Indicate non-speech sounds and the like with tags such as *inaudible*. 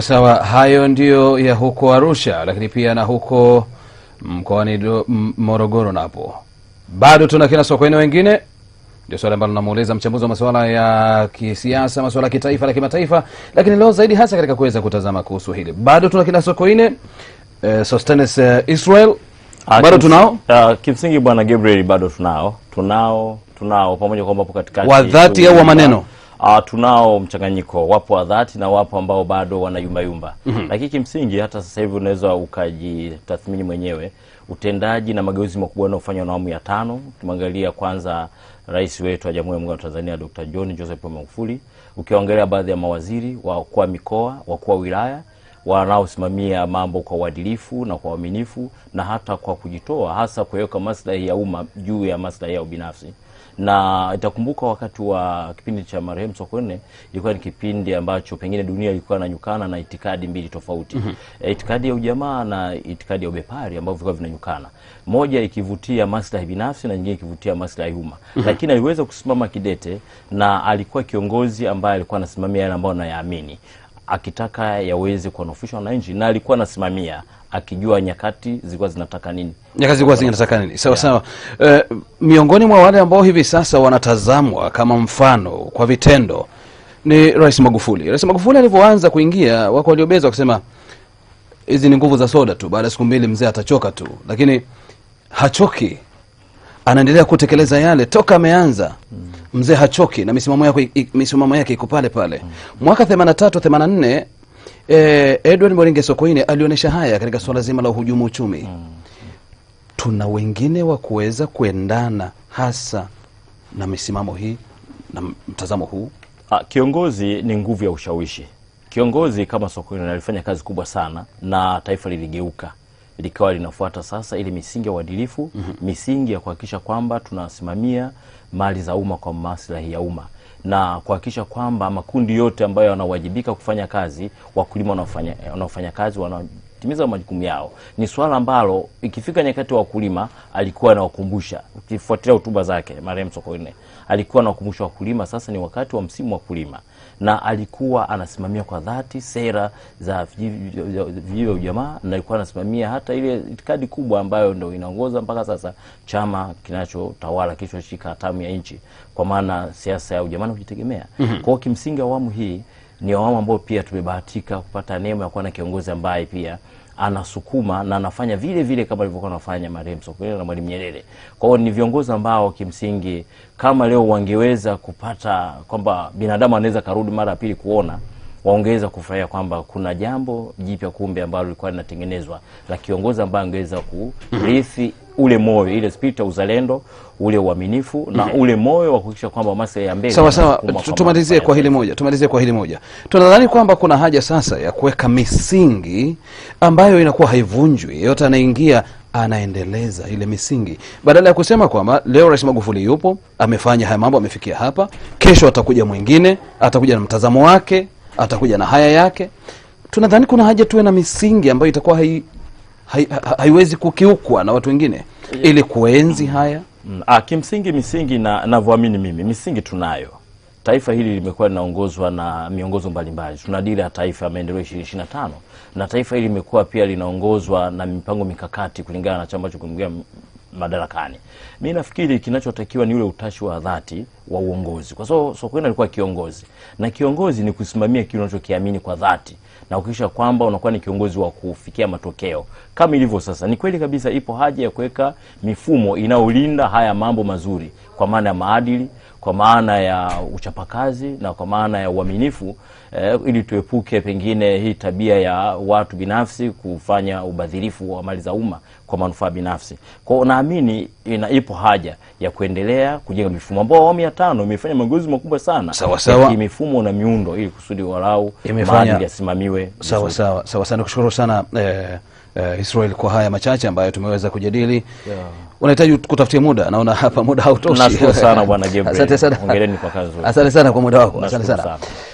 Sawa, hayo ndiyo ya huko Arusha, lakini pia na huko mkoani Morogoro napo bado tuna kina Sokoine wengine, ndio swali ambalo namuuliza mchambuzi wa masuala ya kisiasa, masuala ya kitaifa la kimataifa, lakini leo zaidi hasa katika kuweza kutazama kuhusu hili. Bado tuna kina Sokoine, eh, Sostenes eh, Israel ah, bado tunao uh, kimsingi bwana Gabriel bado tunao tunao tunao pamoja kwamba hapo katikati wadhati au wa maneno uh, tunao mchanganyiko, wapo wa dhati na wapo ambao bado wanayumbayumba mm -hmm. Lakini kimsingi hata sasa hivi unaweza ukajitathmini mwenyewe utendaji na mageuzi makubwa yanayofanywa na awamu ya tano. Ukimwangalia kwanza rais wetu wa Jamhuri ya Muungano wa Tanzania Dr. John Joseph Magufuli, ukiwaangalia baadhi ya mawaziri, wakuu wa mikoa, wakuu wa wilaya wanaosimamia mambo kwa uadilifu na kwa uaminifu na hata kwa kujitoa, hasa kuweka maslahi ya umma juu ya maslahi yao binafsi. Na itakumbuka wakati wa kipindi cha marehemu Sokoine ilikuwa ni kipindi ambacho pengine dunia ilikuwa inanyukana na itikadi mbili tofauti. mm -hmm. Itikadi ya ujamaa na itikadi ya ubepari ambavyo vilikuwa vinanyukana, moja ikivutia maslahi binafsi na nyingine ikivutia maslahi ya umma. mm -hmm. Lakini aliweza kusimama kidete na alikuwa kiongozi ambaye alikuwa anasimamia yale ambayo anayaamini akitaka yaweze kuwanufaisha wananchi, na alikuwa anasimamia akijua nyakati zilikuwa zinataka nini, nyakati zilikuwa zinataka nini. Sawa sawa. Uh, miongoni mwa wale ambao hivi sasa wanatazamwa kama mfano kwa vitendo ni Rais Magufuli. Rais Magufuli alivyoanza kuingia, wako waliobeza wakisema hizi ni nguvu za soda tu, baada ya siku mbili mzee atachoka tu, lakini hachoki, anaendelea kutekeleza yale toka ameanza. hmm mzee hachoki na misimamo yake misimamo yake iko pale pale. Mm. Mwaka 83 84 eh, Edward Moringe Sokoine alionyesha haya katika swala zima la uhujumu uchumi. Mm. Tuna wengine wa kuweza kuendana hasa na misimamo hii na mtazamo huu. A, ah, kiongozi ni nguvu ya ushawishi. Kiongozi kama Sokoine alifanya kazi kubwa sana na taifa liligeuka likawa linafuata sasa ile misingi ya uadilifu mm -hmm. misingi ya kuhakikisha kwamba tunasimamia mali za umma kwa maslahi ya umma na kuhakikisha kwamba makundi yote ambayo yanawajibika kufanya kazi, wakulima wanaofanya kazi wana kutimiza majukumu yao, ni swala ambalo ikifika nyakati wa wakulima alikuwa anawakumbusha. Ukifuatilia hotuba zake marehemu Sokoine alikuwa anawakumbusha wakulima, sasa ni wakati wa msimu wa kulima, na alikuwa anasimamia kwa dhati sera za vijiji vya ujamaa, na alikuwa anasimamia hata ile itikadi kubwa ambayo ndio inaongoza mpaka sasa chama kinachotawala kilichoshika hatamu ya nchi, kwa maana siasa ya ujamaa na kujitegemea. mm -hmm. Kwa hiyo kimsingi awamu hii ni wamama ambao pia tumebahatika kupata neema ya kuwa na kiongozi ambaye pia anasukuma na anafanya vile vile kama alivyokuwa anafanya marehemu Sokoine na Mwalimu Nyerere. Kwa hiyo ni viongozi ambao kimsingi, kama leo wangeweza kupata kwamba binadamu anaweza karudi mara ya pili kuona, waongeza kufurahia kwamba kuna jambo jipya kumbe ambalo lilikuwa linatengenezwa la kiongozi ambaye angeweza kurithi mm-hmm ule moyo, ile spirit ya uzalendo, ule uaminifu mm -hmm. na mhm. ule moyo wa kuhakikisha kwamba maslahi ya mbele. Sawa sawa, tumalizie kwa hili moja, tumalizie kwa hili moja. Tunadhani kwamba kuna haja sasa ya kuweka misingi ambayo inakuwa haivunjwi, yeyote anaingia anaendeleza ile misingi badala ya kusema kwamba leo Rais Magufuli yupo amefanya haya mambo, amefikia hapa, kesho atakuja mwingine, atakuja na mtazamo wake, atakuja na haya yake. Tunadhani kuna haja tuwe na misingi ambayo itakuwa hai hai, haiwezi kukiukwa na watu wengine yeah. ili kuenzi haya mm. Ah, kimsingi misingi na navyoamini mimi misingi tunayo. Taifa hili limekuwa linaongozwa na miongozo mbalimbali, tuna dira ya taifa ya maendeleo 2025 na taifa hili limekuwa pia linaongozwa na mipango mikakati kulingana na chama cha madarakani. Mi nafikiri kinachotakiwa ni ule utashi wa dhati wa uongozi, kwa sababu Sokoine alikuwa kiongozi, na kiongozi ni kusimamia kile unachokiamini kwa dhati na kuhakikisha kwamba unakuwa ni kiongozi wa kufikia matokeo kama ilivyo sasa. Ni kweli kabisa, ipo haja ya kuweka mifumo inayolinda haya mambo mazuri, kwa maana ya maadili kwa maana ya uchapakazi na kwa maana ya uaminifu eh, ili tuepuke pengine hii tabia ya watu binafsi kufanya ubadhirifu wa mali za umma kwa manufaa binafsi. Kwao naamini ina ipo haja ya kuendelea kujenga mifumo ambao awamu ya tano imefanya mageuzi makubwa sana sawa sawa, mifumo na miundo ili kusudi walau maadili yasimamiwe sawa sawa sawa sana. Kushukuru sana eh uh, Israel kwa haya machache ambayo tumeweza kujadili yeah. Unahitaji kutafutia muda, naona hapa muda hautoshi. *laughs* Asante sana bwana Jebre, Asante sana. kwa kazi. Asante sana kwa muda wako. Asante sana.